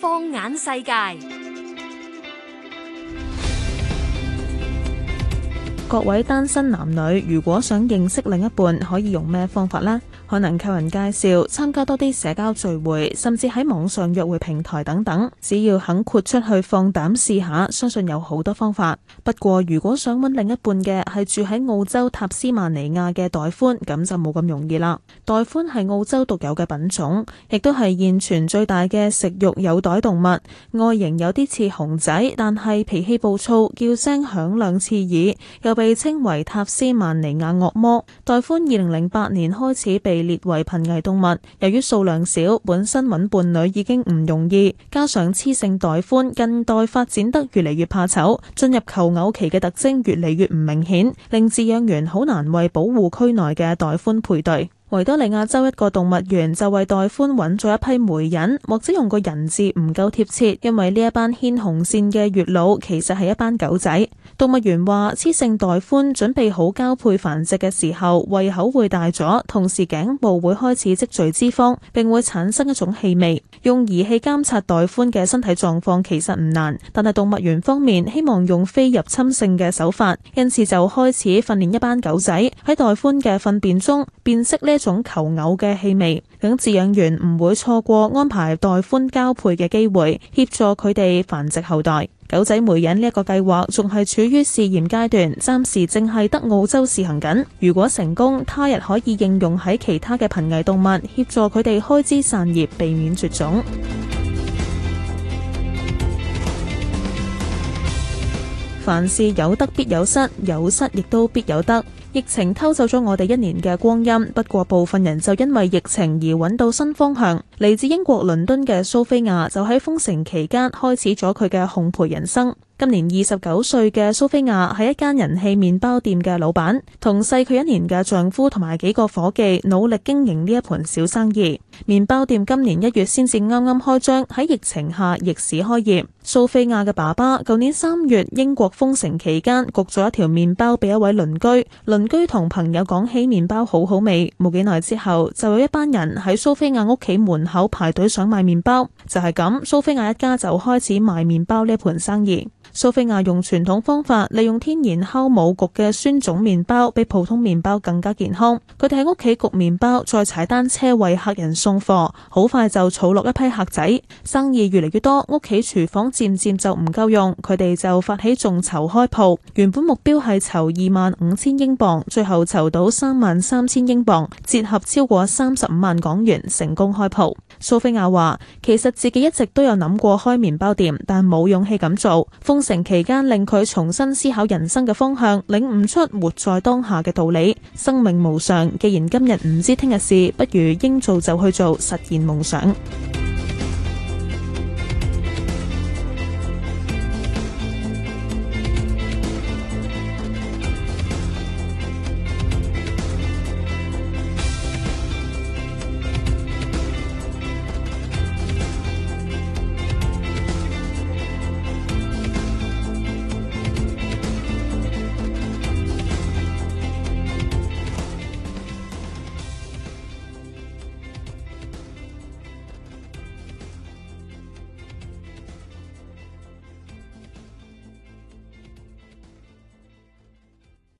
放眼世界，各位單身男女，如果想認識另一半，可以用咩方法呢？可能靠人介紹，參加多啲社交聚會，甚至喺網上約會平台等等，只要肯豁出去放膽試下，相信有好多方法。不過如果想揾另一半嘅係住喺澳洲塔斯曼尼亞嘅袋獾，咁就冇咁容易啦。袋獾係澳洲獨有嘅品種，亦都係現存最大嘅食肉有袋動物，外形有啲似熊仔，但係脾氣暴躁，叫聲響亮刺耳，又被稱為塔斯曼尼亞惡魔。袋獾二零零八年開始被列為瀕危動物，由於數量少，本身揾伴侶已經唔容易，加上雌性袋獾近代發展得越嚟越怕醜，進入求偶期嘅特徵越嚟越唔明顯，令飼養員好難為保護區內嘅袋獾配對。維多利亞州一個動物園就為袋獾揾咗一批媒人，或者用個人字唔夠貼切，因為呢一班牽紅線嘅月老其實係一班狗仔。動物園話：雌性袋獾準備好交配繁殖嘅時候，胃口會大咗，同時頸部會開始積聚脂肪，並會產生一種氣味。用儀器監察袋獾嘅身體狀況其實唔難，但係動物園方面希望用非入侵性嘅手法，因此就開始訓練一班狗仔喺袋獾嘅糞便中辨識呢一種求偶嘅氣味，等飼養員唔會錯過安排袋獾交配嘅機會，協助佢哋繁殖後代。狗仔媒人，呢一個計劃仲係處於試驗階段，暫時淨係得澳洲試行緊。如果成功，他日可以應用喺其他嘅瀕危動物，協助佢哋開枝散葉，避免絕種。 凡事有得必有失，有失亦都必有得。疫情偷走咗我哋一年嘅光陰，不過部分人就因為疫情而揾到新方向。嚟自英國倫敦嘅蘇菲亞就喺封城期間開始咗佢嘅烘焙人生。今年二十九歲嘅蘇菲亞係一間人氣麵包店嘅老闆，同細佢一年嘅丈夫同埋幾個伙計努力經營呢一盤小生意。麵包店今年一月先至啱啱開張，喺疫情下逆市開業。蘇菲亞嘅爸爸舊年三月英國封城期間焗咗一條麵包俾一位鄰居，鄰居同朋友講起麵包好好味，冇幾耐之後就有一班人喺蘇菲亞屋企門口排隊想買麵包，就係咁，蘇菲亞一家就開始賣麵包呢盤生意。蘇菲亞用傳統方法，利用天然酵母焗嘅酸種麵包，比普通麵包更加健康。佢哋喺屋企焗麵包，再踩單車為客人送貨，好快就儲落一批客仔，生意越嚟越多，屋企廚房漸漸就唔夠用，佢哋就發起眾籌開鋪。原本目標係籌二萬五千英鎊，最後籌到三萬三千英鎊，折合超過三十五萬港元，成功開鋪。蘇菲亞話：其實自己一直都有諗過開麵包店，但冇勇氣咁做。城期間令佢重新思考人生嘅方向，領悟出活在當下嘅道理。生命無常，既然今日唔知聽日事，不如應做就去做，實現夢想。